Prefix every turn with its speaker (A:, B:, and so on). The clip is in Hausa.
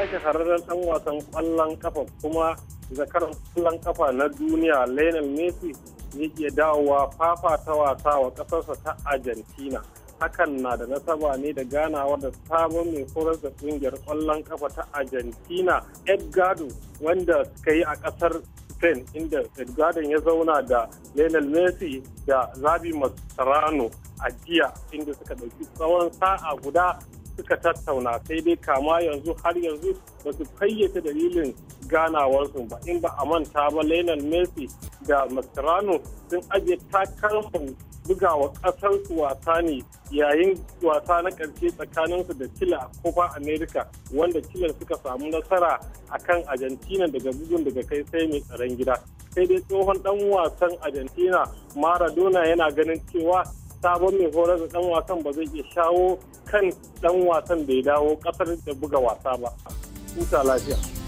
A: ya shahararren dan wasan kwallon kafa kuma zakaran kwallon kafa na duniya Lionel Messi yake dawowa ta wasa wa kasarsa ta Argentina. Hakan na da nasaba ne da ganawa da sabon mai horar da kungiyar kwallon kafa ta Argentina Edgardo wanda suka yi a kasar Spain inda Edgardo ya zauna da Lionel Messi da Zabi Mascherano a jiya inda suka ɗauki tsawon sa'a guda suka tattauna sai dai kama yanzu har yanzu ba su fayyace dalilin ganawarsu ba in ba a manta ba lenin Messi da Mascherano sun ajiye takalman bugawa ƙasarsu wasa ne yayin wasa na ƙarshe tsakaninsu da Chile a Copa America wanda Chile suka samu nasara akan Argentina daga bugun daga kai sai mai tsaron gida. Sai dai tsohon ɗan wasan Argentina Maradona yana ganin cewa sabon mai horar da dan wasan ba zai iya shawo kan dan wasan da ya dawo kasar da buga wasa ba. Huta lafiya.